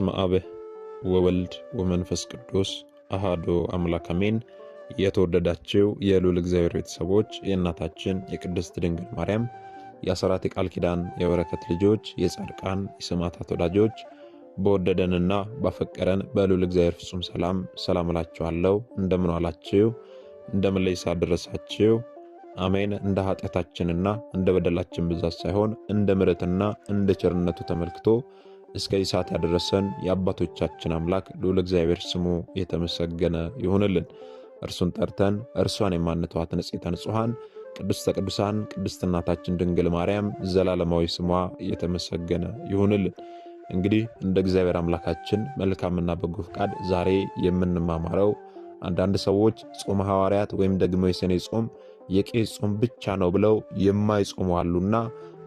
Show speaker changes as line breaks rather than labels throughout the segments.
በስመ አብ ወወልድ ወመንፈስ ቅዱስ አሃዶ አምላክ አሜን። የተወደዳችው የልዑል እግዚአብሔር ቤተሰቦች የእናታችን የቅድስት ድንግል ማርያም የአስራት የቃል ኪዳን የበረከት ልጆች የጻድቃን የሰማዕታት ወዳጆች በወደደንና ባፈቀረን በልዑል እግዚአብሔር ፍጹም ሰላም ሰላም እላችኋለሁ። እንደምን ዋላችሁ? እንደምን ለይሳ አሜን። እንደ ኃጢአታችንና እንደ በደላችን ብዛት ሳይሆን እንደ ምሕረትና እንደ ቸርነቱ ተመልክቶ እስከዚህ ሰዓት ያደረሰን የአባቶቻችን አምላክ ልዑል እግዚአብሔር ስሙ የተመሰገነ ይሁንልን። እርሱን ጠርተን እርሷን የማንተዋት ንጽሕተ ንጹሐን ቅድስተ ቅዱሳን ቅድስት እናታችን ድንግል ማርያም ዘላለማዊ ስሟ የተመሰገነ ይሁንልን። እንግዲህ እንደ እግዚአብሔር አምላካችን መልካምና በጎ ፍቃድ ዛሬ የምንማማረው አንዳንድ ሰዎች ጾመ ሐዋርያት ወይም ደግሞ የሰኔ ጾም የቄስ ጾም ብቻ ነው ብለው የማይጾሙ አሉና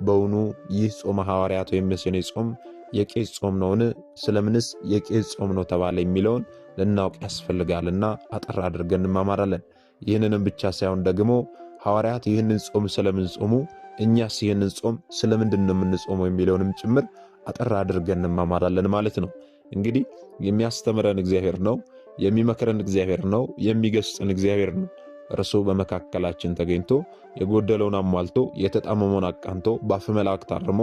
በውኑ ይህ ጾመ ሐዋርያት ወይም የሰኔ ጾም የቄስ ጾም ነውን? ስለምንስ የቄስ ጾም ነው ተባለ የሚለውን ልናውቅ ያስፈልጋልና አጠር አድርገን እንማማራለን። ይህንንም ብቻ ሳይሆን ደግሞ ሐዋርያት ይህንን ጾም ስለምን ጾሙ፣ እኛስ ይህንን ጾም ስለምንድን ነው የምንጾመው የሚለውንም ጭምር አጠር አድርገን እንማማራለን ማለት ነው። እንግዲህ የሚያስተምረን እግዚአብሔር ነው፣ የሚመክረን እግዚአብሔር ነው፣ የሚገስጽን እግዚአብሔር ነው። እርሱ በመካከላችን ተገኝቶ የጎደለውን አሟልቶ የተጣመመውን አቃንቶ በአፈ መላእክት አርሞ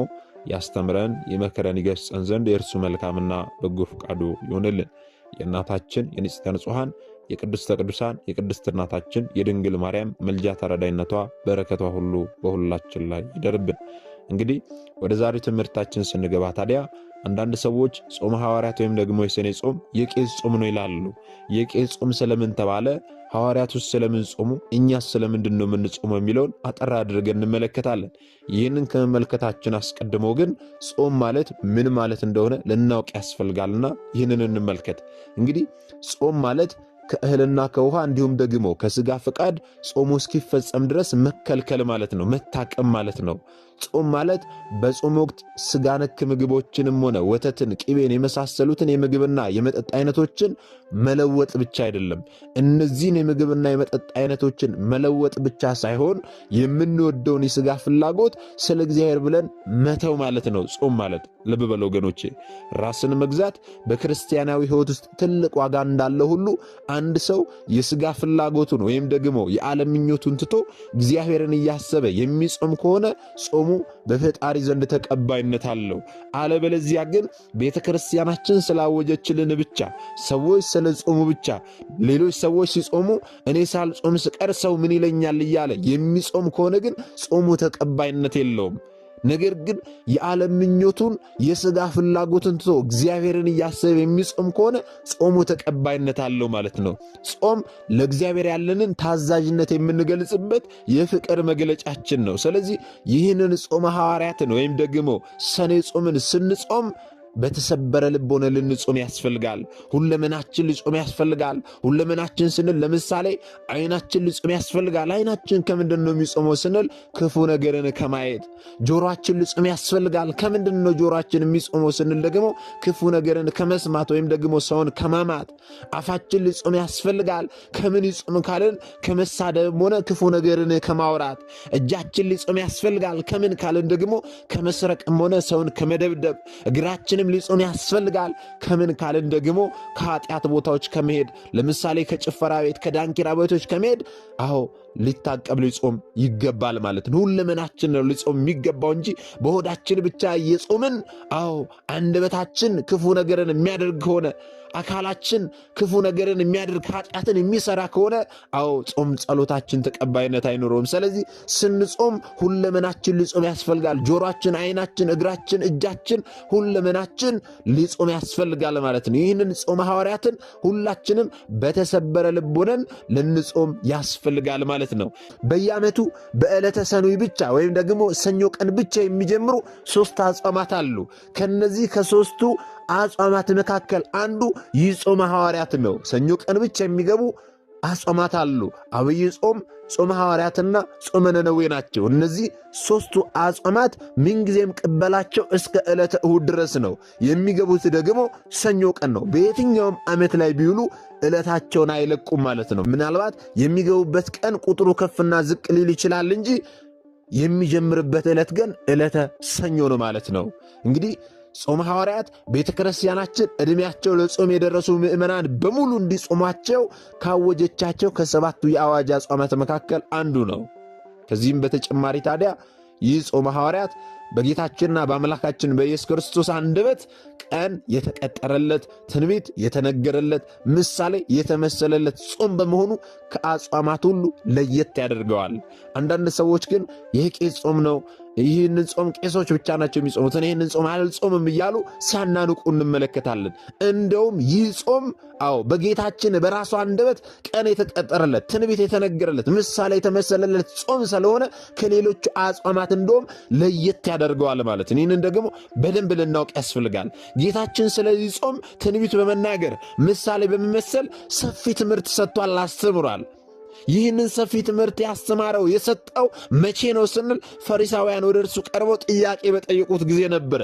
ያስተምረን የመከረን ይገስጸን ዘንድ የእርሱ መልካምና በጎ ፈቃዱ ይሆንልን። የእናታችን የንጽተ ንጹሐን የቅድስተ ቅዱሳን የቅድስት እናታችን የድንግል ማርያም ምልጃ ተረዳይነቷ በረከቷ ሁሉ በሁላችን ላይ ይደርብን። እንግዲህ ወደ ዛሬው ትምህርታችን ስንገባ ታዲያ አንዳንድ ሰዎች ጾመ ሐዋርያት ወይም ደግሞ የሰኔ ጾም የቄስ ጾም ነው ይላሉ። የቄስ ጾም ስለምን ተባለ? ሐዋርያት ውስጥ ስለምን ጾሙ? እኛስ ስለምንድን ነው የምንጾመው የሚለውን አጠር አድርገን እንመለከታለን። ይህንን ከመመልከታችን አስቀድሞ ግን ጾም ማለት ምን ማለት እንደሆነ ልናውቅ ያስፈልጋልና ይህንን እንመልከት። እንግዲህ ጾም ማለት ከእህልና ከውሃ እንዲሁም ደግሞ ከስጋ ፈቃድ ጾሙ እስኪፈጸም ድረስ መከልከል ማለት ነው፣ መታቀም ማለት ነው። ጾም ማለት በጾም ወቅት ስጋ ነክ ምግቦችንም ሆነ ወተትን፣ ቅቤን የመሳሰሉትን የምግብና የመጠጥ አይነቶችን መለወጥ ብቻ አይደለም። እነዚህን የምግብና የመጠጥ አይነቶችን መለወጥ ብቻ ሳይሆን የምንወደውን የስጋ ፍላጎት ስለ እግዚአብሔር ብለን መተው ማለት ነው። ጾም ማለት ልብ በሉ ወገኖቼ፣ ራስን መግዛት በክርስቲያናዊ ሕይወት ውስጥ ትልቅ ዋጋ እንዳለ ሁሉ አንድ ሰው የስጋ ፍላጎቱን ወይም ደግሞ የዓለም ምኞቱን ትቶ እግዚአብሔርን እያሰበ የሚጾም ከሆነ ጾም መቆሙ በፈጣሪ ዘንድ ተቀባይነት አለው። አለበለዚያ ግን ቤተ ክርስቲያናችን ስላወጀችልን ብቻ ሰዎች ስለ ጾሙ ብቻ ሌሎች ሰዎች ሲጾሙ እኔ ሳልጾም ስቀር ሰው ምን ይለኛል እያለ የሚጾም ከሆነ ግን ጾሙ ተቀባይነት የለውም። ነገር ግን የዓለም ምኞቱን የሥጋ ፍላጎትን ትቶ እግዚአብሔርን እያሰበ የሚጾም ከሆነ ጾሙ ተቀባይነት አለው ማለት ነው። ጾም ለእግዚአብሔር ያለንን ታዛዥነት የምንገልጽበት የፍቅር መግለጫችን ነው። ስለዚህ ይህንን ጾመ ሐዋርያትን ወይም ደግሞ ሰኔ ጾምን ስንጾም በተሰበረ ልብ ሆነ ልንጾም ያስፈልጋል። ሁለመናችን ልጾም ያስፈልጋል። ሁለመናችን ስንል ለምሳሌ አይናችን ልጾም ያስፈልጋል። አይናችን ከምንድን ነው የሚጾመው ስንል ክፉ ነገርን ከማየት። ጆሮአችን ልጾም ያስፈልጋል። ከምንድን ነው ጆሮአችን የሚጾመው ስንል ደግሞ ክፉ ነገርን ከመስማት ወይም ደግሞ ሰውን ከማማት። አፋችን ልጾም ያስፈልጋል። ከምን ይጾም ካልን ከመሳደብም ሆነ ክፉ ነገርን ከማውራት። እጃችን ልጾም ያስፈልጋል። ከምን ካልን ደግሞ ከመስረቅም ሆነ ሰውን ከመደብደብ እግራችንም በዚህም ሊጽኑ ያስፈልጋል። ከምን ካልን ደግሞ ከኃጢአት ቦታዎች ከመሄድ ለምሳሌ ከጭፈራ ቤት፣ ከዳንኪራ ቤቶች ከመሄድ አዎ ሊታቀብ ሊጾም ይገባል ማለት ነው። ሁለመናችን ነው ሊጾም የሚገባው እንጂ በሆዳችን ብቻ እየጾምን አዎ፣ አንደበታችን ክፉ ነገርን የሚያደርግ ከሆነ አካላችን ክፉ ነገርን የሚያደርግ ኃጢአትን የሚሰራ ከሆነ አዎ፣ ጾም ጸሎታችን ተቀባይነት አይኖረውም። ስለዚህ ስንጾም ሁለመናችን ሊጾም ያስፈልጋል። ጆሮችን፣ አይናችን፣ እግራችን፣ እጃችን ሁለመናችን ሊጾም ያስፈልጋል ማለት ነው። ይህንን ጾመ ሐዋርያትን ሁላችንም በተሰበረ ልብ ሆነን ልንጾም ያስፈልጋል ማለት ማለት ነው። በየዓመቱ በዕለተ ሰኑይ ብቻ ወይም ደግሞ ሰኞ ቀን ብቻ የሚጀምሩ ሶስት አጽዋማት አሉ። ከነዚህ ከሶስቱ አጽዋማት መካከል አንዱ ይህ ጾመ ሐዋርያት ነው። ሰኞ ቀን ብቻ የሚገቡ አጾማት አሉ። አብይ ጾም፣ ጾመ ሐዋርያትና ጾመ ነነዌ ናቸው። እነዚህ ሦስቱ አጾማት ምንጊዜም ቅበላቸው እስከ ዕለተ እሁድ ድረስ ነው። የሚገቡት ደግሞ ሰኞ ቀን ነው። በየትኛውም ዓመት ላይ ቢውሉ ዕለታቸውን አይለቁም ማለት ነው። ምናልባት የሚገቡበት ቀን ቁጥሩ ከፍና ዝቅ ሊል ይችላል እንጂ የሚጀምርበት ዕለት ግን ዕለተ ሰኞ ነው ማለት ነው እንግዲህ ጾመ ሐዋርያት ቤተ ክርስቲያናችን ዕድሜያቸው ለጾም የደረሱ ምእመናን በሙሉ እንዲጾሟቸው ካወጀቻቸው ከሰባቱ የአዋጅ አጽዋማት መካከል አንዱ ነው። ከዚህም በተጨማሪ ታዲያ ይህ ጾመ ሐዋርያት በጌታችንና በአምላካችን በኢየሱስ ክርስቶስ አንደበት ቀን የተቀጠረለት ትንቢት የተነገረለት ምሳሌ የተመሰለለት ጾም በመሆኑ ከአጽዋማት ሁሉ ለየት ያደርገዋል። አንዳንድ ሰዎች ግን ይህ ጾም ነው ይህንን ጾም ቄሶች ብቻ ናቸው የሚጾሙት፣ ይህንን ጾም አልጾምም እያሉ ሲያናንቁ እንመለከታለን። እንደውም ይህ ጾም አዎ በጌታችን በራሱ አንደበት ቀን የተቀጠረለት ትንቢት የተነገረለት ምሳሌ የተመሰለለት ጾም ስለሆነ ከሌሎቹ አጽዋማት እንደውም ለየት ያደርገዋል ማለት ነው። ይህንን ደግሞ በደንብ ልናውቅ ያስፈልጋል። ጌታችን ስለዚህ ጾም ትንቢት በመናገር ምሳሌ በመመሰል ሰፊ ትምህርት ሰጥቷል፣ አስተምሯል። ይህንን ሰፊ ትምህርት ያስተማረው የሰጠው መቼ ነው ስንል ፈሪሳውያን ወደ እርሱ ቀርበው ጥያቄ በጠየቁት ጊዜ ነበረ።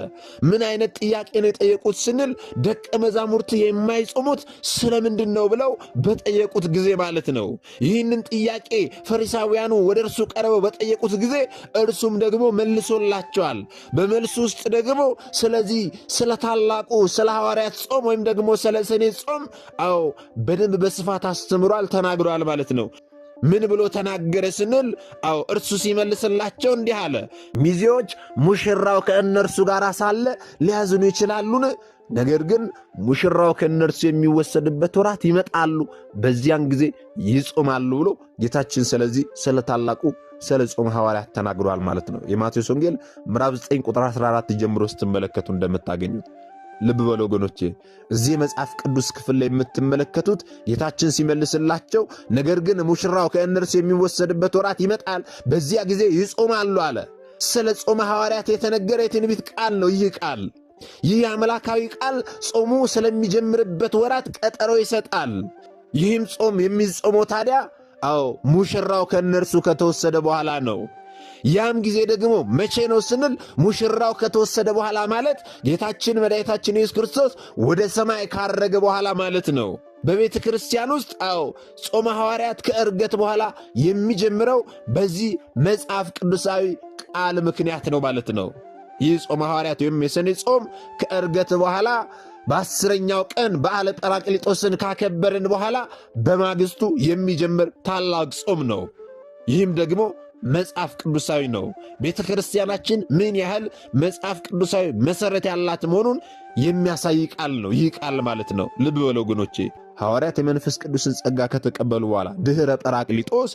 ምን አይነት ጥያቄ ነው የጠየቁት ስንል ደቀ መዛሙርት የማይጾሙት ስለምንድን ነው ብለው በጠየቁት ጊዜ ማለት ነው። ይህንን ጥያቄ ፈሪሳውያኑ ወደ እርሱ ቀርበው በጠየቁት ጊዜ እርሱም ደግሞ መልሶላቸዋል። በመልሱ ውስጥ ደግሞ ስለዚህ ስለ ታላቁ ስለ ሐዋርያት ጾም ወይም ደግሞ ስለ ሰኔ ጾም አዎ በደንብ በስፋት አስተምሯል፣ ተናግሯል ማለት ነው። ምን ብሎ ተናገረ ስንል፣ አዎ እርሱ ሲመልስላቸው እንዲህ አለ፣ ሚዜዎች ሙሽራው ከእነርሱ ጋር ሳለ ሊያዝኑ ይችላሉን? ነገር ግን ሙሽራው ከእነርሱ የሚወሰድበት ወራት ይመጣሉ፣ በዚያን ጊዜ ይጾማሉ ብሎ ጌታችን ስለዚህ ስለ ታላቁ ስለ ጾም ሐዋርያት ተናግሯል ማለት ነው። የማቴዎስ ወንጌል ምዕራፍ 9 ቁጥር 14 ጀምሮ ስትመለከቱ እንደምታገኙት ልብ በለ ወገኖቼ፣ እዚህ የመጽሐፍ ቅዱስ ክፍል ላይ የምትመለከቱት ጌታችን ሲመልስላቸው ነገር ግን ሙሽራው ከእነርሱ የሚወሰድበት ወራት ይመጣል፣ በዚያ ጊዜ ይጾማሉ አለ። ስለ ጾመ ሐዋርያት የተነገረ የትንቢት ቃል ነው ይህ ቃል። ይህ አምላካዊ ቃል ጾሙ ስለሚጀምርበት ወራት ቀጠሮ ይሰጣል። ይህም ጾም የሚጾመው ታዲያ አዎ ሙሽራው ከእነርሱ ከተወሰደ በኋላ ነው። ያም ጊዜ ደግሞ መቼ ነው ስንል ሙሽራው ከተወሰደ በኋላ ማለት ጌታችን መድኃኒታችን ኢየሱስ ክርስቶስ ወደ ሰማይ ካረገ በኋላ ማለት ነው። በቤተ ክርስቲያን ውስጥ አዎ ጾመ ሐዋርያት ከእርገት በኋላ የሚጀምረው በዚህ መጽሐፍ ቅዱሳዊ ቃል ምክንያት ነው ማለት ነው። ይህ ጾመ ሐዋርያት ወይም የሰኔ ጾም ከእርገት በኋላ በአስረኛው ቀን በዓለ ጰራቅሊጦስን ካከበርን በኋላ በማግስቱ የሚጀምር ታላቅ ጾም ነው። ይህም ደግሞ መጽሐፍ ቅዱሳዊ ነው። ቤተ ክርስቲያናችን ምን ያህል መጽሐፍ ቅዱሳዊ መሰረት ያላት መሆኑን የሚያሳይ ቃል ነው ይህ ቃል ማለት ነው። ልብ በለ ወገኖቼ፣ ሐዋርያት የመንፈስ ቅዱስን ጸጋ ከተቀበሉ በኋላ ድኅረ ጰራቅሊጦስ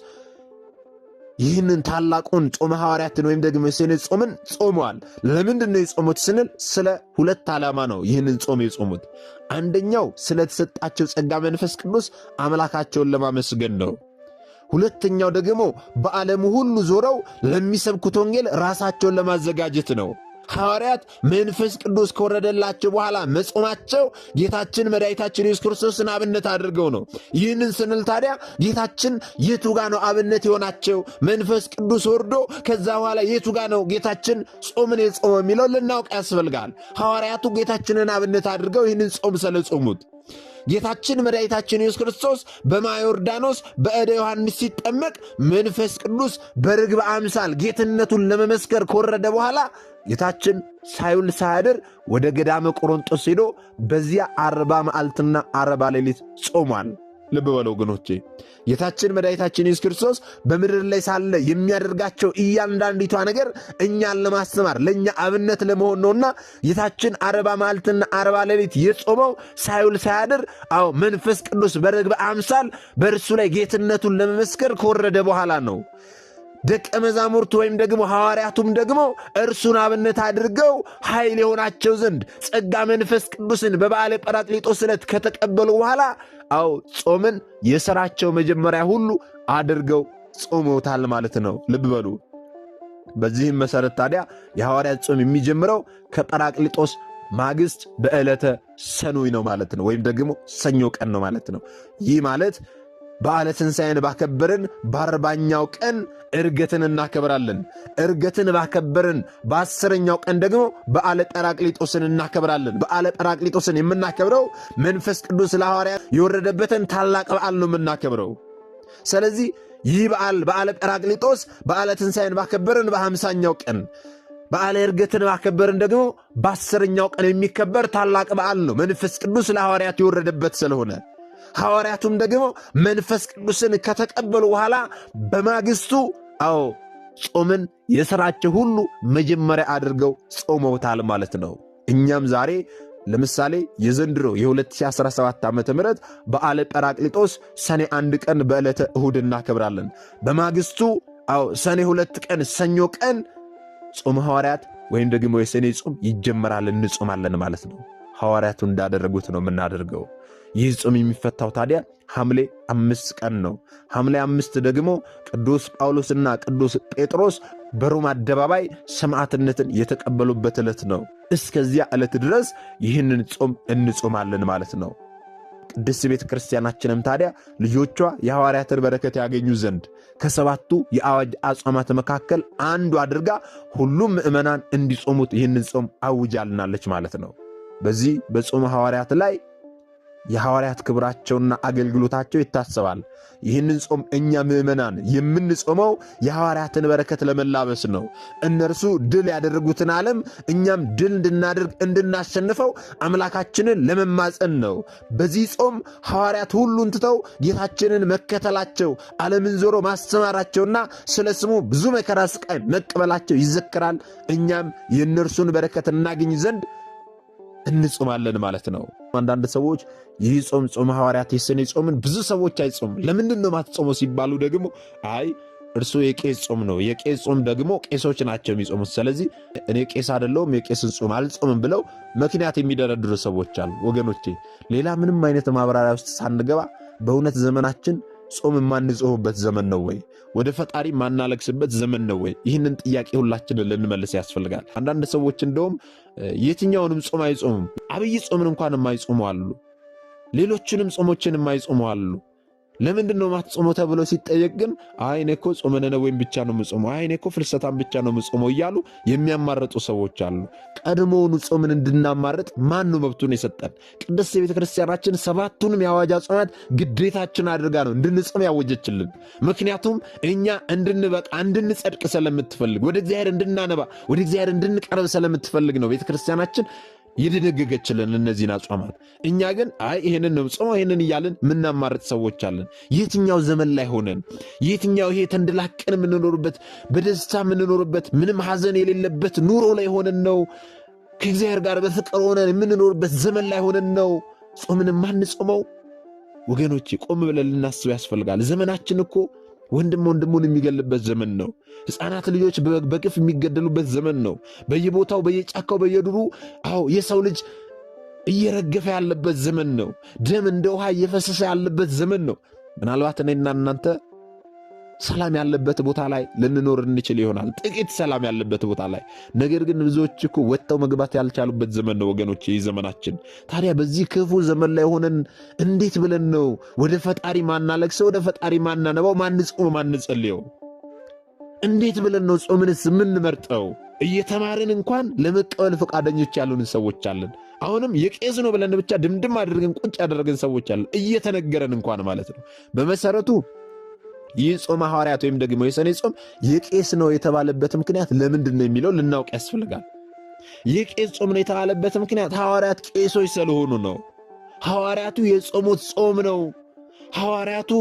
ይህንን ታላቁን ጾመ ሐዋርያትን ወይም ደግሞ የሰኔ ጾምን ጾመዋል። ለምንድን ነው የጾሙት ስንል ስለ ሁለት ዓላማ ነው ይህንን ጾም የጾሙት። አንደኛው ስለተሰጣቸው ጸጋ መንፈስ ቅዱስ አምላካቸውን ለማመስገን ነው። ሁለተኛው ደግሞ በዓለሙ ሁሉ ዞረው ለሚሰብኩት ወንጌል ራሳቸውን ለማዘጋጀት ነው። ሐዋርያት መንፈስ ቅዱስ ከወረደላቸው በኋላ መጾማቸው ጌታችን መድኃኒታችን ኢየሱስ ክርስቶስን አብነት አድርገው ነው። ይህንን ስንል ታዲያ ጌታችን የቱ ጋ ነው አብነት የሆናቸው? መንፈስ ቅዱስ ወርዶ ከዛ በኋላ የቱ ጋ ነው ጌታችን ጾምን የጾመ የሚለው ልናውቅ ያስፈልጋል። ሐዋርያቱ ጌታችንን አብነት አድርገው ይህንን ጾም ስለጾሙት ጌታችን መድኃኒታችን ኢየሱስ ክርስቶስ በማየ ዮርዳኖስ በእደ ዮሐንስ ሲጠመቅ መንፈስ ቅዱስ በርግብ አምሳል ጌትነቱን ለመመስከር ከወረደ በኋላ ጌታችን ሳይውል ሳያድር ወደ ገዳመ ቆሮንጦስ ሄዶ በዚያ አርባ መዓልትና አርባ ሌሊት ጾሟል። ልብ በሉ ወገኖቼ፣ ጌታችን መድኃኒታችን ኢየሱስ ክርስቶስ በምድር ላይ ሳለ የሚያደርጋቸው እያንዳንዲቷ ነገር እኛን ለማስተማር ለእኛ አብነት ለመሆን ነውና ጌታችን አርባ መዓልትና አርባ ሌሊት የጾመው ሳይውል ሳያድር፣ አዎ መንፈስ ቅዱስ በርግብ አምሳል በእርሱ ላይ ጌትነቱን ለመመስከር ከወረደ በኋላ ነው። ደቀ መዛሙርቱ ወይም ደግሞ ሐዋርያቱም ደግሞ እርሱን አብነት አድርገው ኃይል የሆናቸው ዘንድ ጸጋ መንፈስ ቅዱስን በበዓለ ጰራቅሊጦስ ዕለት ከተቀበሉ በኋላ አዎ ጾምን የሥራቸው መጀመሪያ ሁሉ አድርገው ጾመውታል ማለት ነው። ልብ በሉ። በዚህም መሠረት ታዲያ የሐዋርያት ጾም የሚጀምረው ከጰራቅሊጦስ ማግስት በዕለተ ሰኑይ ነው ማለት ነው፣ ወይም ደግሞ ሰኞ ቀን ነው ማለት ነው። ይህ ማለት በዓለ ትንሣኤን ባከበርን በአርባኛው ቀን እርገትን እናከብራለን። እርገትን ባከበርን በአስረኛው ቀን ደግሞ በዓለ ጰራቅሊጦስን እናከብራለን። በዓለ ጰራቅሊጦስን የምናከብረው መንፈስ ቅዱስ ለሐዋርያ የወረደበትን ታላቅ በዓል ነው የምናከብረው። ስለዚህ ይህ በዓል በዓለ ጰራቅሊጦስ በዓለ ትንሣኤን ባከበርን በሃምሳኛው ቀን በዓለ እርገትን ባከበርን ደግሞ በአስረኛው ቀን የሚከበር ታላቅ በዓል ነው መንፈስ ቅዱስ ለሐዋርያት የወረደበት ስለሆነ ሐዋርያቱም ደግሞ መንፈስ ቅዱስን ከተቀበሉ በኋላ በማግስቱ አዎ ጾምን የሥራቸው ሁሉ መጀመሪያ አድርገው ጾመውታል ማለት ነው። እኛም ዛሬ ለምሳሌ የዘንድሮ የ2017 ዓ ም በዓለ ጰራቅሊጦስ ሰኔ አንድ ቀን በዕለተ እሁድ እናከብራለን። በማግስቱ አዎ ሰኔ ሁለት ቀን ሰኞ ቀን ጾመ ሐዋርያት ወይም ደግሞ የሰኔ ጾም ይጀመራል፣ እንጾማለን ማለት ነው። ሐዋርያቱ እንዳደረጉት ነው የምናደርገው። ይህ ጾም የሚፈታው ታዲያ ሐምሌ አምስት ቀን ነው። ሐምሌ አምስት ደግሞ ቅዱስ ጳውሎስና ቅዱስ ጴጥሮስ በሮም አደባባይ ሰማዕትነትን የተቀበሉበት ዕለት ነው። እስከዚያ ዕለት ድረስ ይህንን ጾም እንጾማለን ማለት ነው። ቅድስት ቤተ ክርስቲያናችንም ታዲያ ልጆቿ የሐዋርያትን በረከት ያገኙ ዘንድ ከሰባቱ የአዋጅ አጽዋማት መካከል አንዱ አድርጋ ሁሉም ምእመናን እንዲጾሙት ይህንን ጾም አውጃልናለች ማለት ነው። በዚህ በጾመ ሐዋርያት ላይ የሐዋርያት ክብራቸውና አገልግሎታቸው ይታሰባል። ይህንን ጾም እኛ ምዕመናን የምንጾመው የሐዋርያትን በረከት ለመላበስ ነው። እነርሱ ድል ያደረጉትን ዓለም እኛም ድል እንድናደርግ እንድናሸንፈው አምላካችንን ለመማፀን ነው። በዚህ ጾም ሐዋርያት ሁሉን ትተው ጌታችንን መከተላቸው፣ ዓለምን ዞሮ ማስተማራቸውና ስለ ስሙ ብዙ መከራ ስቃይ መቀበላቸው ይዘክራል። እኛም የእነርሱን በረከት እናገኝ ዘንድ እንጾማለን ማለት ነው። አንዳንድ ሰዎች ይህ ጾም ጾመ ሐዋርያት የሰኔ ጾምን ብዙ ሰዎች አይጾም ለምንድን ነው ማትጾመው ሲባሉ ደግሞ አይ እርሱ የቄስ ጾም ነው፣ የቄስ ጾም ደግሞ ቄሶች ናቸው የሚጾሙት፣ ስለዚህ እኔ ቄስ አይደለሁም የቄስን ጾም አልጾምም ብለው ምክንያት የሚደረድሩ ሰዎች አሉ። ወገኖቼ ሌላ ምንም አይነት ማብራሪያ ውስጥ ሳንገባ በእውነት ዘመናችን ጾም የማንጽሁበት ዘመን ነው ወይ? ወደ ፈጣሪ ማናለቅስበት ዘመን ነው ወይ? ይህንን ጥያቄ ሁላችንን ልንመልስ ያስፈልጋል። አንዳንድ ሰዎች እንደውም የትኛውንም ጾም አይጾሙም፣ አብይ ጾምን እንኳን የማይጾሙ አሉ፣ ሌሎችንም ጾሞችን የማይጾሙ አሉ። ለምንድን ነው ማትጾሞ ተብሎ ሲጠየቅ ግን አይኔ እኮ ጾመ ነነዌን ብቻ ነው ምጾሞ፣ አይኔ እኮ ፍልሰታን ብቻ ነው ምጾሞ እያሉ የሚያማረጡ ሰዎች አሉ። ቀድሞውኑ ጾምን እንድናማረጥ ማን ነው መብቱን የሰጠን? ቅድስት የቤተ ክርስቲያናችን ሰባቱንም የአዋጅ አጽዋማት ግዴታችን አድርጋ ነው እንድንጾም ያወጀችልን። ምክንያቱም እኛ እንድንበቃ እንድንጸድቅ ስለምትፈልግ፣ ወደ እግዚአብሔር እንድናነባ፣ ወደ እግዚአብሔር እንድንቀርብ ስለምትፈልግ ነው ቤተ ክርስቲያናችን የደነገገችልን እነዚህን አጽዋማት። እኛ ግን አይ ይሄንን ነው ጾመው ይሄንን እያልን የምናማርጥ ሰዎች አለን። የትኛው ዘመን ላይ ሆነን የትኛው ይሄ ተንደላቀን የምንኖርበት በደስታ የምንኖርበት ምንም ሐዘን የሌለበት ኑሮ ላይ ሆነን ነው ከእግዚአብሔር ጋር በፍቅር ሆነን የምንኖርበት ዘመን ላይ ሆነን ነው ጾምን ማንጾመው? ወገኖቼ ቆም ብለን ልናስብ ያስፈልጋል። ዘመናችን እኮ ወንድም ወንድሙን የሚገልበት ዘመን ነው። ሕፃናት ልጆች በግፍ የሚገደሉበት ዘመን ነው። በየቦታው በየጫካው፣ በየዱሩ አዎ የሰው ልጅ እየረገፈ ያለበት ዘመን ነው። ደም እንደ ውሃ እየፈሰሰ ያለበት ዘመን ነው። ምናልባት እኔና እናንተ ሰላም ያለበት ቦታ ላይ ልንኖር እንችል ይሆናል፣ ጥቂት ሰላም ያለበት ቦታ ላይ። ነገር ግን ብዙዎች እኮ ወጥተው መግባት ያልቻሉበት ዘመን ነው ወገኖች፣ ይህ ዘመናችን። ታዲያ በዚህ ክፉ ዘመን ላይ ሆነን እንዴት ብለን ነው ወደ ፈጣሪ ማናለቅሰው፣ ወደ ፈጣሪ ማናነባው፣ ማንጾም፣ ማንጸልየው? እንዴት ብለን ነው ጾምንስ የምንመርጠው? እየተማርን እንኳን ለመቀበል ፈቃደኞች ያሉን ሰዎች አለን። አሁንም የቄስ ነው ብለን ብቻ ድምድም አድርገን ቁጭ ያደረገን ሰዎች አለን፣ እየተነገረን እንኳን ማለት ነው። በመሰረቱ ይህ ጾመ ሐዋርያት ወይም ደግሞ የሰኔ ጾም የቄስ ነው የተባለበት ምክንያት ለምንድን ነው የሚለው ልናውቅ ያስፈልጋል። የቄስ ጾም ነው የተባለበት ምክንያት ሐዋርያት ቄሶች ስለሆኑ ነው። ሐዋርያቱ የጾሙት ጾም ነው። ሐዋርያቱ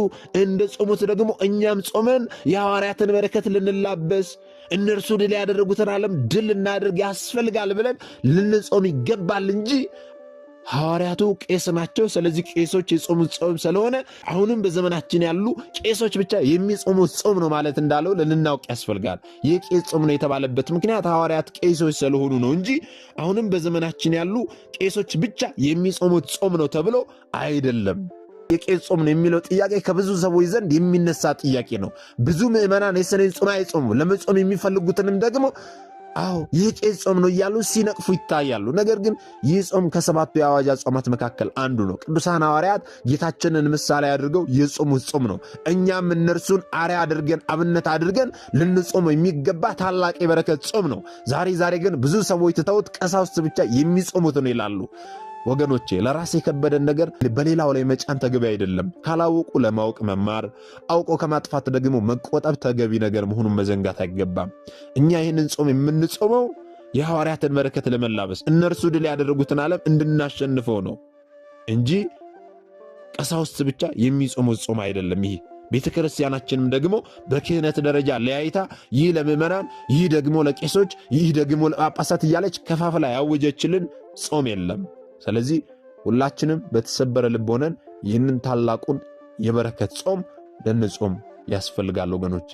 እንደ ጾሙት ደግሞ እኛም ጾመን የሐዋርያትን በረከት ልንላበስ እነርሱ ድል ያደረጉትን ዓለም ድል እናደርግ ያስፈልጋል ብለን ልንጾም ይገባል እንጂ ሐዋርያቱ ቄስ ናቸው። ስለዚህ ቄሶች የጾሙት ጾም ስለሆነ አሁንም በዘመናችን ያሉ ቄሶች ብቻ የሚጾሙት ጾም ነው ማለት እንዳለው ልናውቅ ያስፈልጋል። የቄስ ጾም ነው የተባለበት ምክንያት ሐዋርያት ቄሶች ስለሆኑ ነው እንጂ አሁንም በዘመናችን ያሉ ቄሶች ብቻ የሚጾሙት ጾም ነው ተብሎ አይደለም። የቄስ ጾም ነው የሚለው ጥያቄ ከብዙ ሰዎች ዘንድ የሚነሳ ጥያቄ ነው። ብዙ ምዕመናን የሰኔን ጾም አይጾሙ ለመጾም የሚፈልጉትንም ደግሞ አዎ ይህ ቄስ ጾም ነው እያሉ ሲነቅፉ ይታያሉ። ነገር ግን ይህ ጾም ከሰባቱ የአዋጅ ጾማት መካከል አንዱ ነው። ቅዱሳን ሐዋርያት ጌታችንን ምሳሌ አድርገው የጾሙት ጾም ነው። እኛም እነርሱን አርአያ አድርገን አብነት አድርገን ልንጾም የሚገባ ታላቅ የበረከት ጾም ነው። ዛሬ ዛሬ ግን ብዙ ሰዎች ትተውት ቀሳውስት ብቻ የሚጾሙት ነው ይላሉ። ወገኖቼ ለራስ የከበደን ነገር በሌላው ላይ መጫን ተገቢ አይደለም። ካላወቁ ለማወቅ መማር፣ አውቆ ከማጥፋት ደግሞ መቆጠብ ተገቢ ነገር መሆኑን መዘንጋት አይገባም። እኛ ይህንን ጾም የምንጾመው የሐዋርያትን በረከት ለመላበስ እነርሱ ድል ያደረጉትን ዓለም እንድናሸንፈው ነው እንጂ ቀሳውስት ብቻ የሚጾሙት ጾም አይደለም ይሄ። ቤተ ክርስቲያናችንም ደግሞ በክህነት ደረጃ ለያይታ ይህ ለምእመናን ይህ ደግሞ ለቄሶች፣ ይህ ደግሞ ለጳጳሳት እያለች ከፋፍላ ያወጀችልን ጾም የለም። ስለዚህ ሁላችንም በተሰበረ ልብ ሆነን ይህንን ታላቁን የበረከት ጾም ልንጾም ያስፈልጋል ወገኖቼ።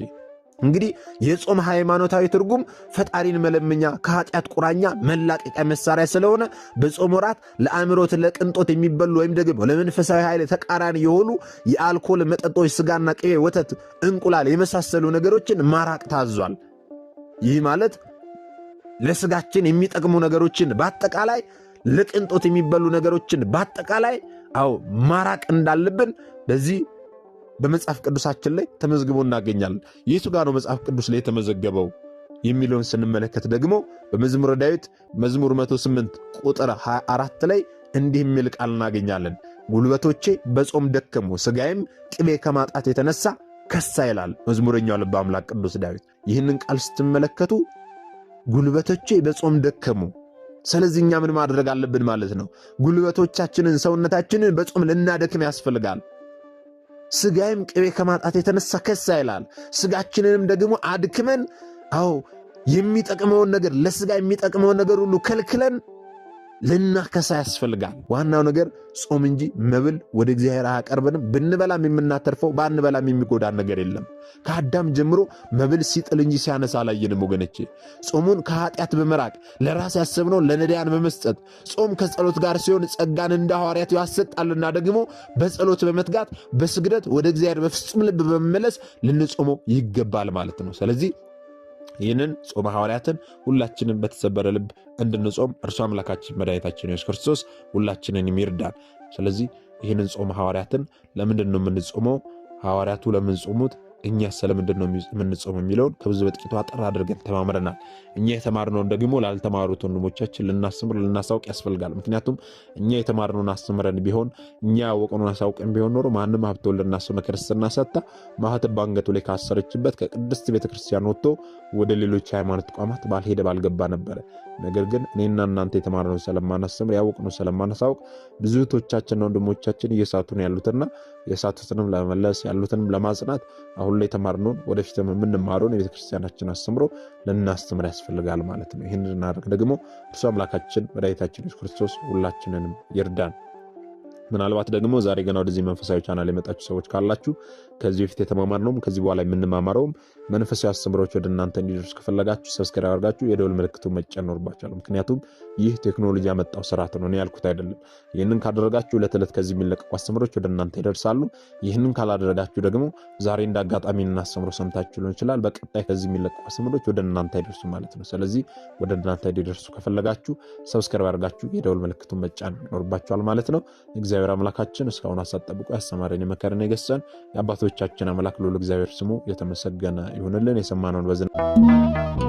እንግዲህ የጾም ሃይማኖታዊ ትርጉም ፈጣሪን መለመኛ ከኃጢአት ቁራኛ መላቀቂያ መሳሪያ ስለሆነ በጾም ወራት ለአእምሮት ለቅንጦት የሚበሉ ወይም ደግሞ ለመንፈሳዊ ኃይል ተቃራኒ የሆኑ የአልኮል መጠጦች፣ ስጋና ቅቤ፣ ወተት፣ እንቁላል የመሳሰሉ ነገሮችን ማራቅ ታዟል። ይህ ማለት ለስጋችን የሚጠቅሙ ነገሮችን በአጠቃላይ ለቅንጦት የሚበሉ ነገሮችን በአጠቃላይ አዎ ማራቅ እንዳለብን በዚህ በመጽሐፍ ቅዱሳችን ላይ ተመዝግቦ እናገኛለን። የቱ ጋር ነው መጽሐፍ ቅዱስ ላይ የተመዘገበው የሚለውን ስንመለከት ደግሞ በመዝሙረ ዳዊት መዝሙር 108 ቁጥር 24 ላይ እንዲህ የሚል ቃል እናገኛለን። ጉልበቶቼ በጾም ደከሙ፣ ስጋዬም ቅቤ ከማጣት የተነሳ ከሳ ይላል መዝሙረኛው ልበ አምላክ ቅዱስ ዳዊት። ይህንን ቃል ስትመለከቱ ጉልበቶቼ በጾም ደከሙ ስለዚህ እኛ ምን ማድረግ አለብን ማለት ነው? ጉልበቶቻችንን ሰውነታችንን በጾም ልናደክም ያስፈልጋል። ስጋይም ቅቤ ከማጣት የተነሳ ከሳ ይላል። ስጋችንንም ደግሞ አድክመን አዎ የሚጠቅመውን ነገር ለስጋ የሚጠቅመውን ነገር ሁሉ ከልክለን ልናከሳ ያስፈልጋል። ዋናው ነገር ጾም እንጂ መብል ወደ እግዚአብሔር አያቀርብንም። ብንበላም የምናተርፈው ባንበላም የሚጎዳን ነገር የለም። ከአዳም ጀምሮ መብል ሲጥል እንጂ ሲያነሳ አላየንም። ወገኖቼ ጾሙን ከኃጢአት በመራቅ ለራስ ያሰብነው ለነዳያን በመስጠት ጾም ከጸሎት ጋር ሲሆን ጸጋን እንደ ሐዋርያት ያሰጣልና ደግሞ በጸሎት በመትጋት በስግደት ወደ እግዚአብሔር በፍጹም ልብ በመመለስ ልንጾመው ይገባል ማለት ነው። ስለዚህ ይህንን ጾመ ሐዋርያትን ሁላችንን በተሰበረ ልብ እንድንጾም እርሱ አምላካችን መድኃኒታችን ኢየሱስ ክርስቶስ ሁላችንን ይርዳል። ስለዚህ ይህንን ጾመ ሐዋርያትን ለምንድን ነው የምንጾመው? ሐዋርያቱ ለምን ጾሙት? እኛ ስለምንድን ነው የምንጾም የሚለውን ከብዙ በጥቂቱ አጠር አድርገን ተማምረናል። እኛ የተማርነውን ደግሞ ላልተማሩት ወንድሞቻችን ልናስምር ልናሳውቅ ያስፈልጋል። ምክንያቱም እኛ የተማርነውን አስምረን ቢሆን እኛ ያወቅነውን አሳውቅን ቢሆን ኖሮ ማንም ሀብተ ወልድና ስመ ክርስትና ሰጥታ ማህተብ ባንገቱ ላይ ካሰረችበት ከቅድስት ቤተክርስቲያን ወጥቶ ወደ ሌሎች ሃይማኖት ተቋማት ባልሄደ ባልገባ ነበረ። ነገር ግን እኔና እናንተ የተማርነውን ስለማናስተምር ያወቅነውን ስለማናሳውቅ ብዙ እህቶቻችንና ወንድሞቻችን እየሳቱን ያሉትና የሳቱትንም ለመመለስ ያሉትንም ለማጽናት አሁን አሁን ላይ የተማርነውን ወደፊት የምንማረውን የቤተክርስቲያናችን አስተምሮ ልናስተምር ያስፈልጋል ማለት ነው። ይህን ልናደርግ ደግሞ እርሱ አምላካችን መድኃኒታችን ኢየሱስ ክርስቶስ ሁላችንንም ይርዳን። ምናልባት ደግሞ ዛሬ ገና ወደዚህ መንፈሳዊ ቻናል የመጣችሁ ሰዎች ካላችሁ ከዚህ በፊት የተማማርነውም ከዚህ በኋላ የምንማማረውም መንፈሳዊ አስተምሮች ወደ እናንተ እንዲደርሱ ከፈለጋችሁ ሰብስክራይብ አድርጋችሁ የደውል ምልክቱ መጫን ይኖርባችኋል። ምክንያቱም ይህ ቴክኖሎጂ ያመጣው ስርዓት ነው፣ እኔ ያልኩት አይደለም። ይህንን ካደረጋችሁ ዕለት ዕለት ከዚህ የሚለቀቁ አስተምሮች ወደ እናንተ ይደርሳሉ። ይህንን ካላደረጋችሁ ደግሞ ዛሬ እንደ አጋጣሚ እናስተምሮ ሰምታችሁ ሊሆን ይችላል። በቀጣይ ከዚህ የሚለቀቁ አስተምሮች ወደ እናንተ አይደርሱ ማለት ነው። ስለዚህ ወደ እናንተ እንዲደርሱ ከፈለጋችሁ ሰብስክራይብ አድርጋችሁ የደውል ምልክቱ መጫን ይኖርባችኋል ማለት ነው። እግዚአብሔር አምላካችን እስካሁን አሳጠብቆ ያስተማረን የመከረን የገሰን የአባቶ የአባቶቻችን አምላክ ልዑል እግዚአብሔር ስሙ የተመሰገነ ይሁንልን። የሰማነውን በዝና